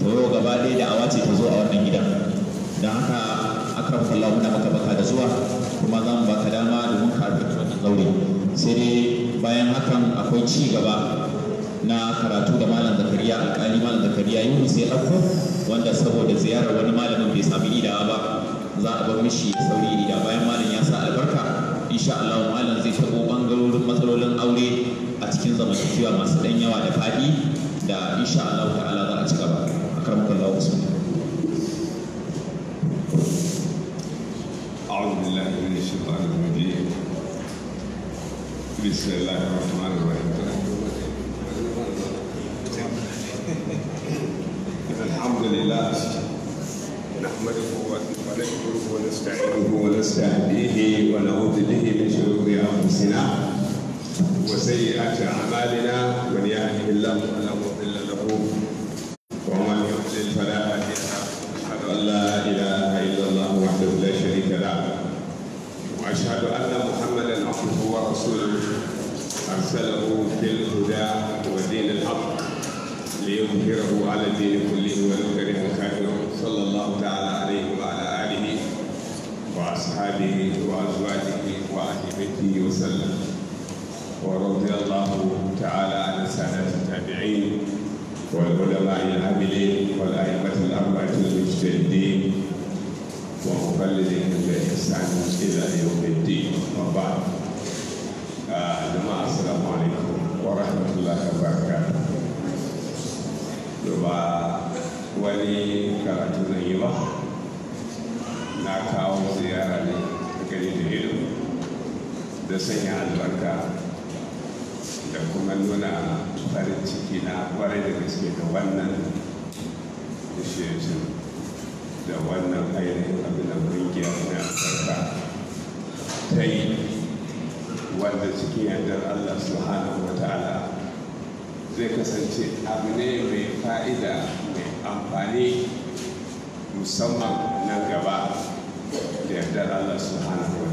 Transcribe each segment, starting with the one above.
to gaba ɗaya da awa ce ta zo a wannan gidan don haka akram kallahu muna maka baka da zuwa kuma za mu baka dama domin ka rubuta wannan zaure sai dai bayan hakan akwai ci gaba na karatu da malam zakariya alkali malam zakariya yunus ya ɗauko wanda saboda ziyarar wani malamin bai sami idawa ba za a bar mishi sauri ida bayan malam ya sa albarka insha Allah malam zai shigo bangarorin matsalolin aure a cikin zamantakewa masu ɗan yawa da faɗi da insha Allah ta'ala za a ci gaba أكرمك الله وسلم أعوذ بالله من الشيطان الرجيم بسم الله الرحمن الرحيم الحمد لله نحمده ونشكره ونستعينه ونستهديه ونعوذ به من شرور أنفسنا وسيئات أعمالنا من يهده الله وسلم ورضي الله تعالى عن سادة التابعين والعلماء العاملين والأئمة الأربعة المجتهدين ومقلدهم بإحسان إلى يوم الدين وبعد آه، جماعة السلام عليكم ورحمة الله وبركاته جماعة ولي كرة نيمة na زيارة da sanya albarka da kuma nuna farin ciki na kwarai da gaske da wannan shirin da wannan ainihin abin da kungiyar na albarka ta yi wanda cikin yardar allah subhanahu wa ta'ala zai kasance abu ne mai fa'ida mai amfani musamman nan gaba da yardar allah subhanahu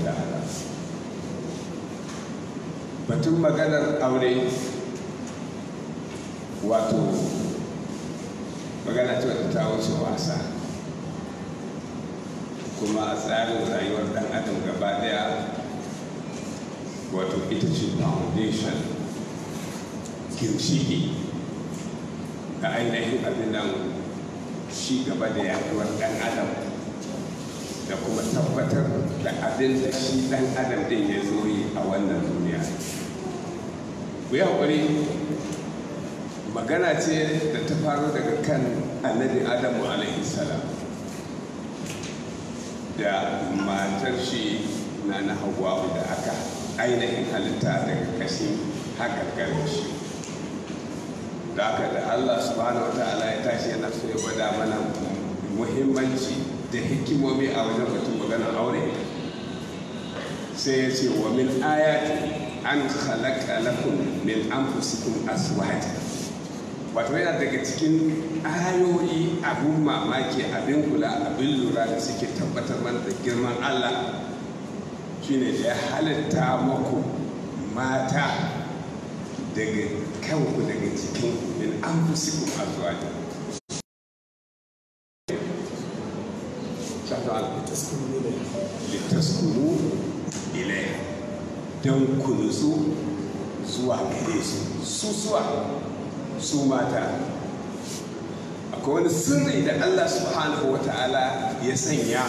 batun maganar aure wato magana ce wata ta wuce wasa kuma a tsarin rayuwar dan adam gaba daya wato ita ce foundation kimshiki da ainihin abin nan shi gaba da yaduwar dan adam da kuma tabbatar da abin da shi dan adam din ya zo yi a wannan duniya ku yi haƙuri magana ce da ta faru daga kan annabi adamu alaihi salam da matar shi na na hawa'u da aka ainihin halitta daga kashin haka shi da aka da allah subhanahu wa ta'ala ya tashi yana so ya gwada mana muhimmanci da hikimomi a wajen batun maganar aure sai ya ce wa min ayati an khalaqa lakum min anfusikum azwaja wato yana daga cikin ayoyi abun mamaki abin kula abin lura da suke tabbatar mana da girman Allah shine da ya halitta maku mata daga kanku daga cikin min anfusikum azwaja litaskunu ilai don ku su zuwa gare su su suwa su mata akwai wani sirri da allah subhanahu wa ta'ala ya sanya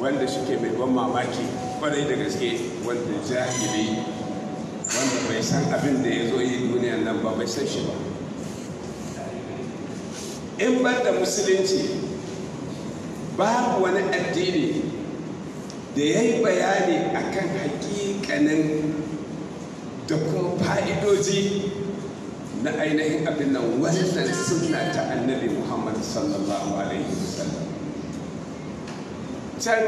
wanda suke mai ban mamaki kwarai da gaske wanda jahili wanda bai san abin da ya zo yi duniya nan ba bai san shi ba in ban da musulunci babu wani addini da ya yi bayani akan hakikanin da kuma fa'idoji na ainihin abin nan wannan suna ta annabi muhammad sallallahu alaihi wasallam can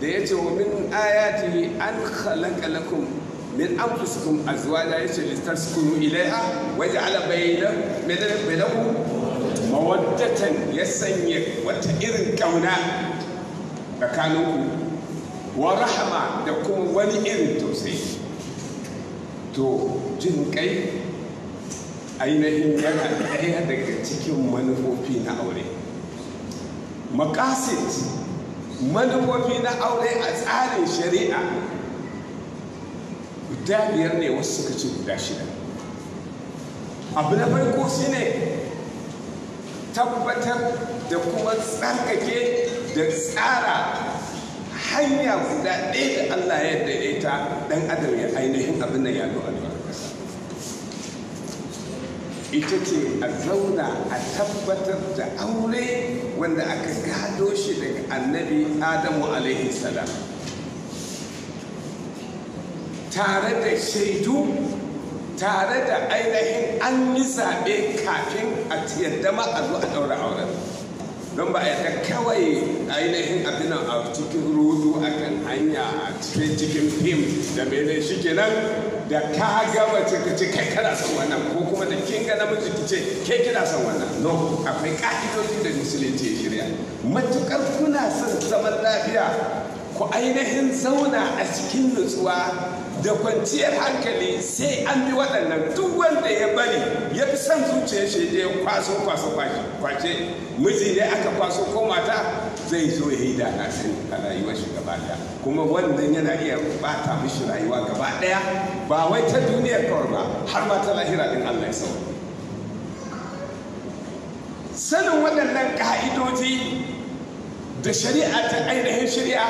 da ya ce wa min ayati an khalaqa lakum min anfusikum azwaja yace litaskunu ilaiha wa ja'ala bainakum bainakum mawaddatan ya sanya wata irin kauna tsakaninku wa rahama da kuma wani irin tausayi to jin kai ainihin yana ɗaya daga cikin manufofi na aure makasit manufofi na aure a tsarin shari'a guda biyar ne wasu suka ce guda shida abu na farko ne tabbatar da kuma tsarkake da tsara hanya guda ɗaya da Allah ya daidaita dan adam ya ainihin abin nan ya zuwa ita ce a zauna a tabbatar da aure wanda aka gado shi daga annabi adamu alaihi salam tare da shaidu tare da ainihin an yi zaɓe kafin a yadda ma a zo a ɗaura auren don ba yadda kawai ainihin abin a cikin rudu a kan hanya a cikin cikin fim da mene shi kenan da ka gama ka ce kai kana son wannan ko kuma da kin ga namiji ki ce kai kina son wannan no akwai ka'idoji da musulunci ya shirya matukar kuna son zaman lafiya ku ainihin zauna a cikin nutsuwa da kwanciyar hankali sai an bi waɗannan duk wanda ya bari ya fi son zuciyar shi ya kwaso kwaso kwace miji ne aka kwaso ko mata zai zo ya yi da na sani a rayuwar shi gaba ɗaya kuma wannan yana iya bata mishi rayuwa gaba ɗaya ba wai ta duniyar kawai ba har ma ta lahira din Allah ya sauka sanin waɗannan ƙa'idoji da shari'a ta ainihin shari'a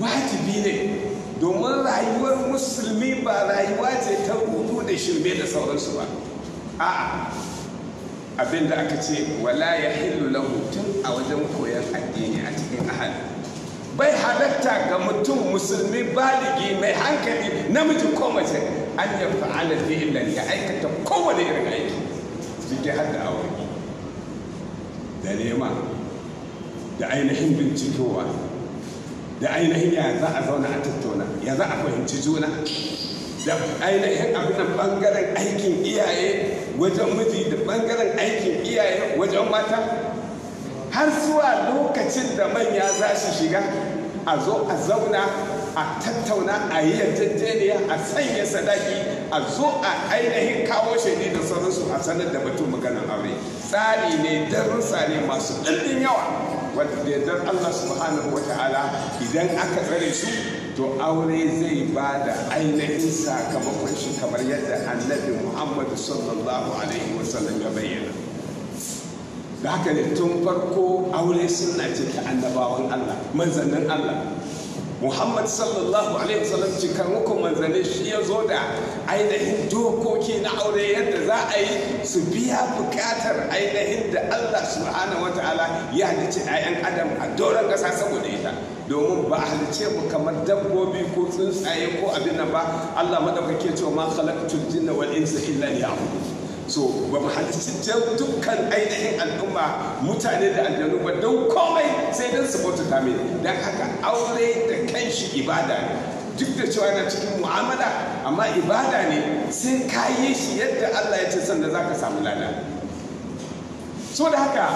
wajibi ne domin rayuwar musulmi ba rayuwa ce ta hutu da shirme da sauransu ba a abin da aka ce wala ya hillu lahu hutun a wajen koyon addini a cikin ahal bai halatta ga mutum musulmi baligi mai hankali namiji ko mace an ya fi fi'lan ya aikata kowane irin aiki cikin har da da nema da ainihin bincikowa da ainihin ya za a zauna a tattauna ya za a fahimci juna da ainihin abin bangaren aikin iyaye wajen miji da bangaren aikin iyaye wajen mata har zuwa lokacin da manya za su shiga a zo a zauna a tattauna a yi yarjejeniya a sanya sadaki a zo a ainihin kawo shaidi da sauransu a sanar da batun maganar aure tsari ne darussa ne masu ɗanɗin yawa wadda da yardar Allah subhanahu wa ta'ala idan aka tsare su to aure zai ba da ainihin sakamakon shi kamar yadda annabi Muhammad sallallahu alaihi wasallam ya bayyana da haka ne tun farko aure suna ce annabawan Allah manzannin Allah muhammad sallallahu alaihi wasallam cikar muku manzanni shi ya zo da ainihin dokoki na aure yadda za a yi su biya bukatar ainihin da allah subhanahu wa ta'ala ya halicci 'ya'yan adam a doron kasa saboda ita domin ba a halice mu kamar dabbobi ko tsuntsaye ko abin nan ba allah madaukake cewa ma khalaqtul jinna wal insa illa liya'budun so ba mu halicci dukkan ainihin al'umma mutane da aljanu ba don komai sai don su bauta mai don haka aure da shi ibada ne duk da cewa yana cikin mu'amala amma ibada ne sai ka yi shi yadda Allah ya ce da za ka samu lada so da haka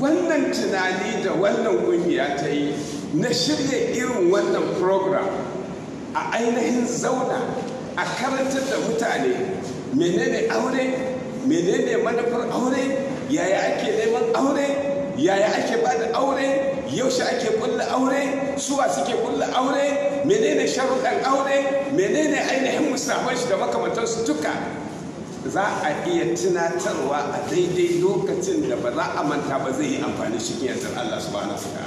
wannan tunani da wannan ƙungiya ta yi na shirya irin wannan program a ainihin zauna a karantar da mutane menene aure menene manufar aure yaya ake neman aure yaya ake bada aure yaushe ake kulla aure suwa suke kulla aure menene sharuɗan aure menene ainihin musamman shi da makamantansu duka za a iya tunatarwa a daidai lokacin da ba za a manta ba zai yi amfani shi yanzu Allah su da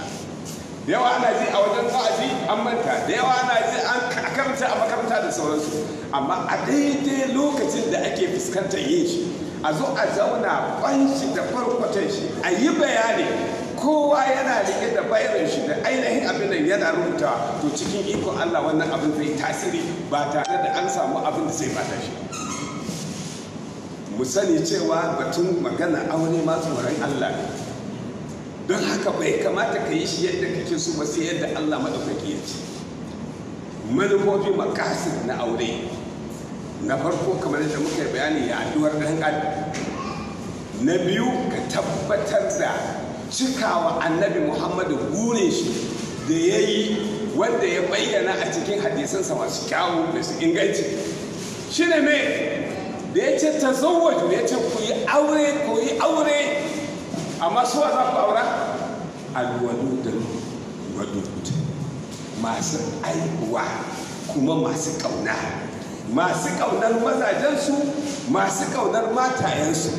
yawa ana ji a wajen za'aji an manta da yawa ana ji an karanta a makaranta da sauransu amma a daidai lokacin da ake fuskantar yin shi a zo a zauna banshi da farkwatan shi a yi bayani kowa yana rike da bayanin shi da ainihin abin da yana rubuta to cikin ikon Allah wannan abin zai tasiri ba tare da an samu abin da zai bata shi mu sani cewa batun magana aure ma tsoron Allah don haka bai kamata ka yi shi yadda kake so ba sai yadda Allah madaukaki ya ce manufofi makasir na aure na farko kamar yadda muka yi bayani ya addu'ar ɗan adam na biyu ka tabbatar da cikawa annabi muhammadu gune shi da ya yi wanda ya bayyana a cikin hadisansa masu kyawu da su inganci shi ne mai da ya ce ta zawaju ya ce ku yi aure ku yi aure amma suwa za ku aura da wadu masu aikuwa kuma masu ƙauna masu ƙaunar mazajensu masu ƙaunar matayensu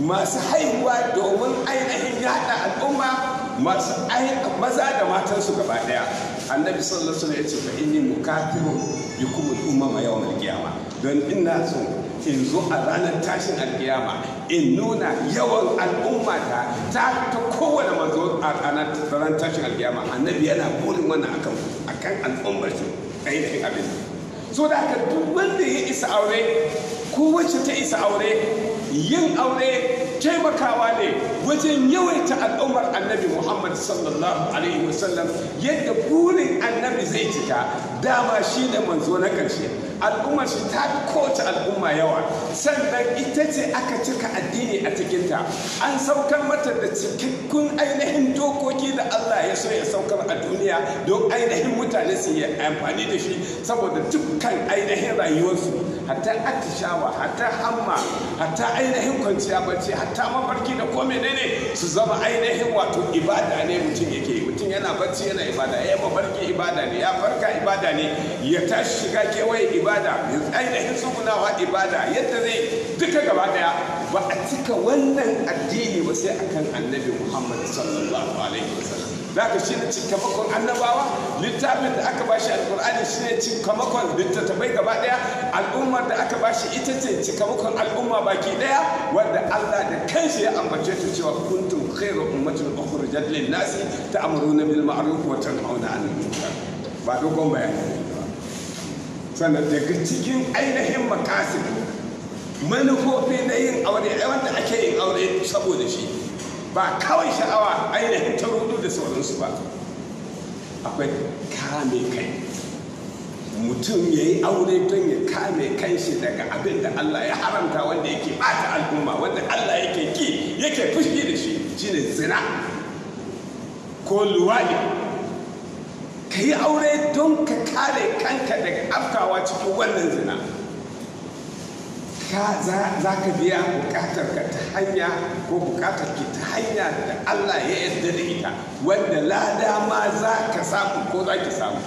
masu haihuwa domin ainihin yada al'umma masu maza da matansu gaba ɗaya annabi sallallahu alaihi wasallam ya ce fa inni mukatiru bikum al-umma yawm al-qiyama don ina so in zo a ranar tashin al-qiyama in nuna yawan al'umma ta ta ta kowane manzo a ranar tashin al-qiyama annabi yana burin wannan akan akan al'ummar shi ainihin abin so da haka duk wanda ya isa aure ko wacce ta isa aure yin aure taimakawa ne wajen yawaita al'ummar annabi muhammad sallallahu alaihi wasallam yadda burin annabi zai cika dama shi ne manzo na ƙarshe al'ummar shi ta fi kowace al'umma yawa sannan ita ce aka cika addini a cikinta an saukar mata da cikakkun ainihin dokoki da Allah ya so ya saukar a duniya don ainihin mutane su yi amfani da shi saboda dukkan ainihin rayuwarsu hatta atishawa, hatta hamma hatta ainihin kwanciya bacci hatta mafarki da ko menene su zama ainihin wato ibada ne mutum yake mutum yana bacci yana ibada ya eh, mafarki ibada ne ya farka ibada ne ya tashi shiga kewaye ibada ya ainihin sukunawa ibada yadda zai duka gaba daya ba a cika wannan addini ba sai akan annabi muhammad sallallahu alaihi wasallam zaka shi ne cikamakon annabawa littafin da aka bashi alkur'ani shi ne cikamakon littattafai gaba daya al'ummar da aka bashi ita ce cikamakon al'umma baki daya wanda Allah da kanshi ya ambace ta cewa kuntum khairu ummatin ukhrijat lin nasi ta'muruna bil ma'ruf wa tanhauna 'anil munkar ba dogon bayani sannan daga cikin ainihin makasin manufofi na yin aure wanda ake yin aure saboda shi ba kawai sha'awa ainihin ta rudu da sauransu ba akwai kame kai mutum ya yi aure don ya kame kan shi daga abin da Allah ya haramta wanda yake bata al'umma wanda Allah yake ki yake fushi da shi shine zina ko luwaɗi ka yi aure don ka kare kanka daga afkawa cikin wannan zina za ka biya bukatar ka ta hanya ko bukatar ki ta hanya da Allah ya yarda da ita wanda lada ma za ka samu ko za ki samu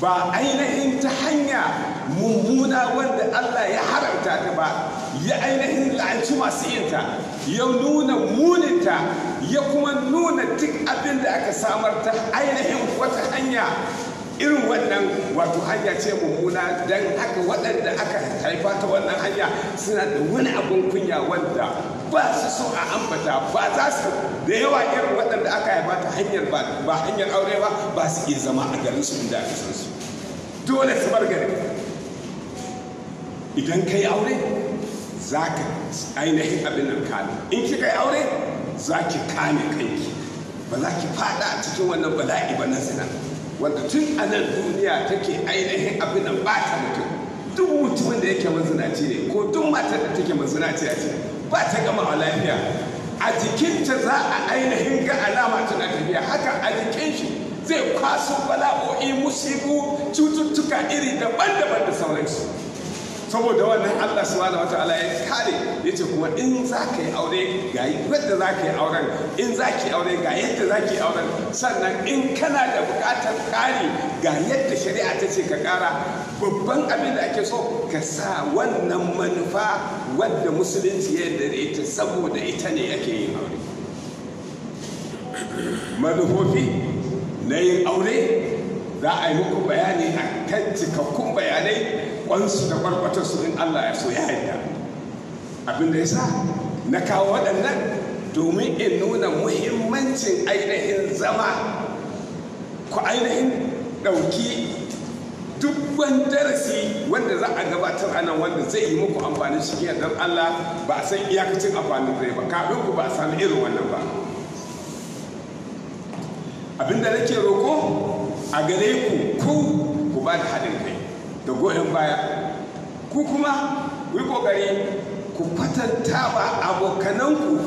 ba ainihin ta hanya mummuna wanda Allah ya haramta ta ba ya ainihin la'anci masu yinta ya nuna muninta ya kuma nuna duk abin da aka samar ta ainihin wata hanya irin wannan wato hanya ce mummuna don haka waɗanda aka haifa ta wannan hanya suna da wani abin kunya wanda ba su so a ambata ba za su da yawa irin waɗanda aka haifa ta hanyar ba hanyar aure ba ba su iya zama a garin su inda aka su dole su bar gari idan ka yi aure za ka ainihin abin nan kame in kika yi aure za ki kame kanki ba za ki fada a cikin wannan bala'i ba na zina wanda tun a nan duniya take ainihin abin da ba ta mutum duk mutumin da yake mazinaci ne ko duk matar da take mazinaci a ce ba ta gama a lafiya a jikinta za a ainihin ga alama tana tafiya haka a jikin shi zai kwaso bala'o'i musibu cututtuka iri daban-daban da sauransu saboda wannan Allah subhanahu wataala ya kare yace kuma in za ka yi aure ga yadda za ka yi auren in za yi aure ga yadda za yi auren sannan in kana da buƙatar ƙari ga yadda shari'a ta ce ka ƙara babban abin da ake so ka sa wannan manufa wadda musulunci ya yarda da ita saboda ita ne ake yin aure manufofi na yin aure za a yi muku bayani a kan cikakkun bayanai kwansu da su in Allah ya so ya yarda abin da sa na kawo waɗannan domin in nuna muhimmancin ainihin zama ku ainihin ɗauki duk ban darasi wanda za a gabatar a nan wanda zai yi muku amfani shi don Allah ba a san iyakacin amfanin zai ba kafin ku ba a sami irin wannan ba abinda nake roko a gare ku ku ku ba da haɗin kai da goyon baya ku kuma ku yi ƙoƙari ku kwatanta ba abokananku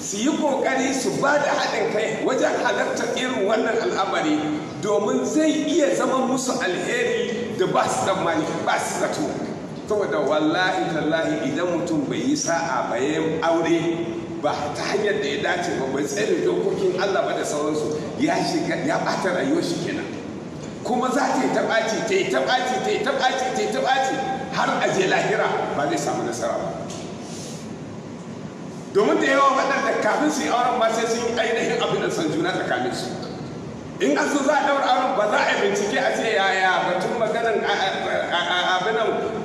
su yi ƙoƙari su ba da haɗin kai wajen halartar irin wannan al'amari domin zai iya zama musu alheri da ba su tsammani ba su zato saboda wallahi tallahi idan mutum bai yi sa'a ba ya aure ba ta hanyar da ya dace ba bai tsere dokokin Allah ba da sauransu ya shiga ya ɓata rayuwar shi kenan kuma za ta yi ta ɓaci ta yi ta ɓaci ta yi ta ɓaci ta yi ta ɓaci har a je lahira ba zai samu nasara ba domin da yawa waɗanda kafin su yi auren ba sai sun yi ainihin abin da san juna tsakanin su in an so za a ɗaura auren ba za a bincike a ce yaya batun maganan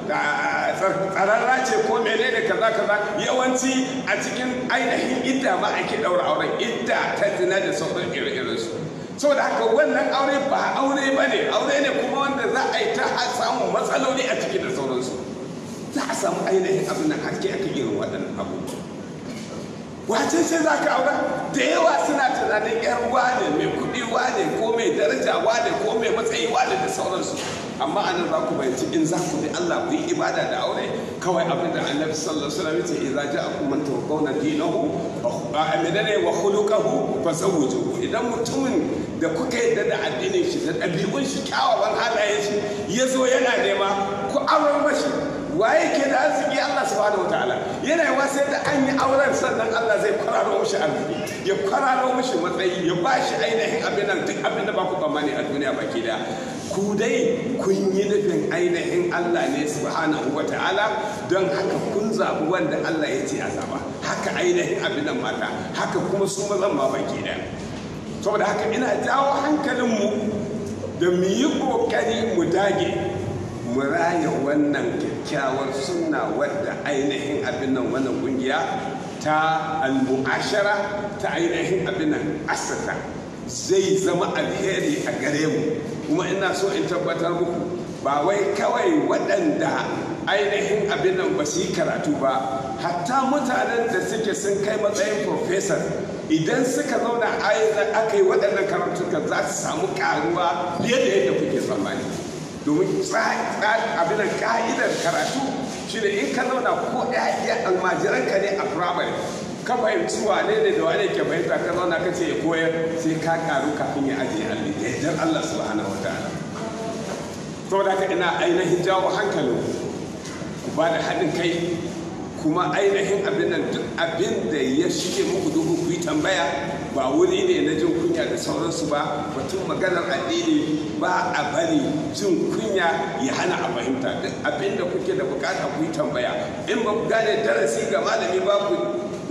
da tsararra ce ko ne kaza kaza yawanci a cikin ainihin idda ba ake ɗaura auren idda ta zina da sauran ire-irensu da haka wannan aure ba aure ba ne aure ne kuma wanda za a yi ta samu matsaloli a ciki da sauransu za a samu ainihin abin nan haske akan irin waɗannan abubuwa wace ce za ka aura da yawa suna tunanin yar wane mai kuɗi wane ko mai daraja wane ko mai matsayi wane da sauransu amma anan za ku bayanci in za ku bi Allah ku yi ibada da aure kawai abin da Allah sallallahu alaihi wasallam ce idza kum man tawqawna dinahu fa amidane wa khuluquhu zawwijuhu idan mutumin da kuka yadda da addinin shi da ɗabi'un shi kyawawan halayen shi ya zo yana nema ku auren mashi waye ke da arziki Allah subhanahu wataala yana yi wasu yadda an yi auren sannan Allah zai kwararo mashi arziki ya kwararo mashi matsayi ya ba shi ainihin abin nan duk abin da ba ku tsammani a duniya baki daya ku dai kun yi nufin ainihin Allah ne subhanahu wataala don haka kun zaɓi wanda Allah ya ce a zaɓa haka ainihin abin nan mata haka kuma su mazan ma baki daya saboda haka ina jawo hankalinmu da mu yi ƙoƙari mu dage mu raya wannan kyakkyawar suna wadda ainihin abin nan wannan ƙungiya ta al-mu'ashara ta ainihin abin nan asata zai zama alheri a gare mu kuma ina so in tabbatar muku ba wai kawai waɗanda ainihin abin nan ba su yi karatu ba hatta mutanen da suke sun kai matsayin professor idan suka zauna a aka yi waɗannan karantukan za su samu karuwa fiye da yadda kuke tsammani domin abin ka'idar karatu shi ne in ka zauna ko ɗaya almajiran ka ne a firamare ka fahimci wane ne da wane ke fahimta ka zauna ka ce ya koyar sai ka karu kafin ya ajiye alli da yadda Allah subhanahu wa ta'ala saboda ka ina ainihin jawo hankalin ku ba da haɗin kai kuma ainihin abin duk abin da ya shige muku duhu ku yi tambaya ba wuri ne na jin kunya da sauransu ba batun maganar addini ba a bari jin kunya ya hana a fahimta duk abin da kuke da bukata ku yi tambaya in ba ku gane darasi ga malami ba ku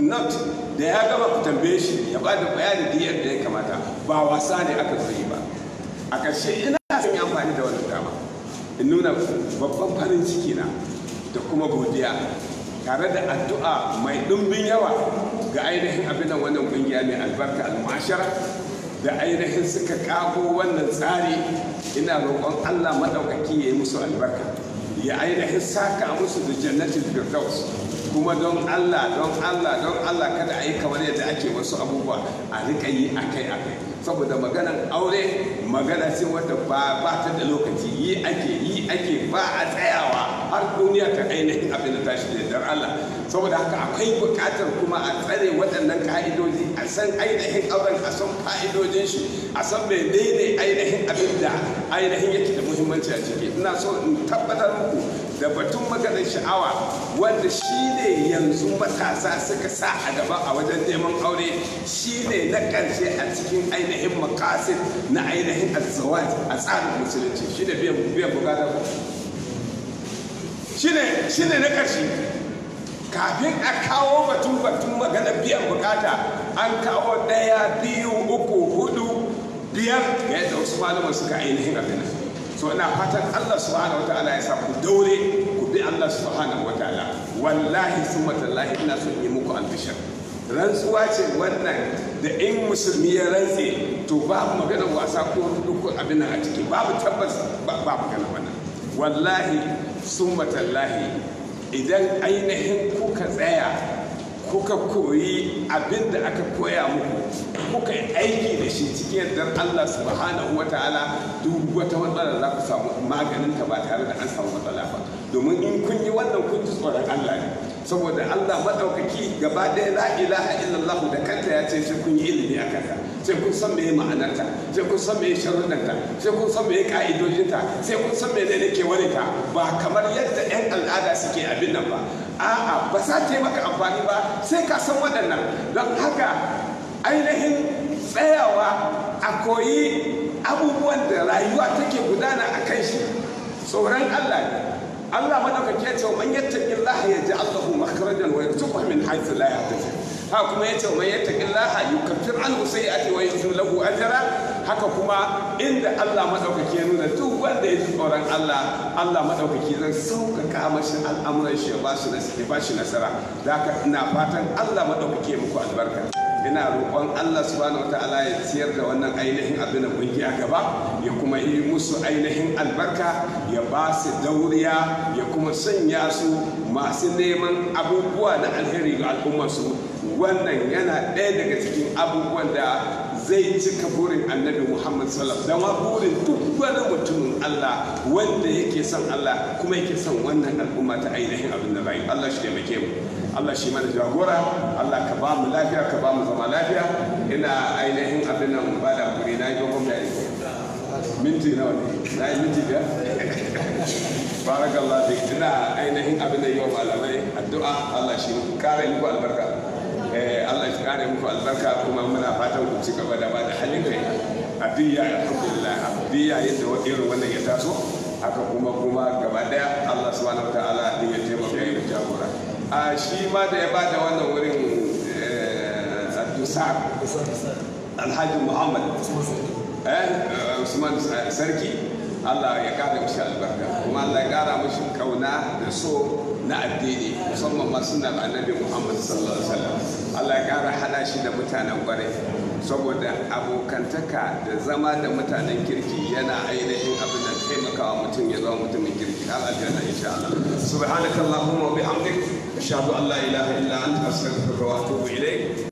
not da ya gama ku tambaye shi ya ba da bayani da yadda ya kamata ba wasa ne aka zai ba a ƙarshe ina son yi amfani da wannan dama in nuna babban farin ciki na da kuma godiya tare da addu'a mai ɗumbin yawa ga ainihin abin wannan ƙungiya mai albarka al da ainihin suka kago wannan tsari ina roƙon Allah maɗaukaki ya yi musu albarka ya ainihin saka musu da jannatin firdaus kuma don Allah don Allah don Allah kada a yi kamar yadda ake wasu abubuwa a riƙa yi a kai saboda maganar aure magana ce wata ba ta da lokaci yi ake yi ake ba a tsayawa har duniya ta ainihin abin da tashi da dan Allah saboda haka akwai bukatar kuma a tsare waɗannan ka'idoji a san ainihin auren a san ka'idojin shi a san mai daidai ainihin abin da ainihin yake da muhimmanci a ciki ina so in tabbatar muku da batun maganin sha'awa wanda shi ne yanzu matasa suka sa a gaba a wajen neman aure shi ne na ƙarshe a cikin ainihin makasin na ainihin azzawaj a tsarin musulunci shi ne biyan bukatar ne na ƙarshe kafin a kawo batun batun magana biyan bukata an kawo ɗaya biyu uku hudu biyar ga yadda wasu malaman suka ainihin a abin so ina fatan Allah subhanahu wataala ya sa ku daure ku bi Allah subhanahu ala wallahi summa matallahi ina son yi muku albishir rantsuwa ce wannan da in musulmi ya rantse to babu maganar wasa ko duk abin a ciki babu tabbas babu magana wannan wallahi sun matallahi idan ainihin kuka tsaya kuka koyi abin da aka koya muku kuka yi aiki da shi cikin yardar Allah subhanahu wa ta'ala duk wata matsala za ku samu maganin ta ba tare da an samu matsala ba domin in kun yi wannan kun ji tsoron Allah ne saboda Allah maɗaukaki gaba ɗaya la ilaha illallah da kanta ya ce sai kun yi ilimi a kanta sai kun san meye ma'anarta sai kun san meye sharuɗanta sai kun san meye ka'idojinta sai kun san meye ne ke wani ba kamar yadda 'yan al'ada suke abin nan ba a'a ba za ta maka amfani ba sai ka san waɗannan don haka ainihin tsayawa a koyi abubuwan da rayuwa take gudana a kan shi tsoron Allah ne Allah madaukake ya ce man yattaqillaha yaj'al lahu makhrajan wa tukwa min haythu la yahtasib ha kuma ya ce mai yattaki Allah yukaffir anhu sayyi'ati wa yuzu lahu ajra haka kuma inda Allah madaukaki ya nuna duk wanda ya ji tsoron Allah Allah madaukaki zan sauƙaƙa mashi al'amuran shi ya bashi ya bashi nasara zaka ina fatan Allah madaukaki ya muku albarka ina roƙon Allah subhanahu ta'ala ya ciyar da wannan ainihin abin da a gaba ya kuma yi musu ainihin albarka ya ba su dauriya ya kuma sanya su masu neman abubuwa na alheri ga al'ummarsu wannan yana ɗaya daga cikin abubuwan da zai cika burin annabi muhammad sallam da ma burin duk wani mutumin allah wanda yake son allah kuma yake son wannan al'umma ta ainihin abin da bayan allah shi taimake mu allah shi mana jagora allah ka ba mu lafiya ka ba mu zama lafiya ina ainihin abin nan ba da hakuri na yi gwamnati minti nawa ne na yi minti biyar barakallah ina ainihin abin da yau malamai addu'a allah shi mu kare ni ku albarka Eh, Allah ya kare muku albarka kuma muna fatan ku ci gaba da ba da halin kai abdiya alhamdulillah abdiya yadda irin wannan ya taso haka kuma kuma gaba daya Allah subhanahu wataala ya taimaka ya jagora a shi ma da ya bada wannan wurin eh, Abdusar Alhaji Muhammad eh, Usman Sarki Allah ya kara mishi albarka kuma Allah ya kara mishi kauna da so na addini musamman ma suna annabi muhammad sallallahu alaihi wasallam allah ya kara hada shi da mutanen kwarai saboda abokantaka da zama da mutanen kirki yana ainihin abin da taimakawa mutum ya zama mutumin kirki har aljanna insha Allah subhanakallahumma wa bihamdik ashhadu an la ilaha illa anta astaghfiruka wa atubu ilayk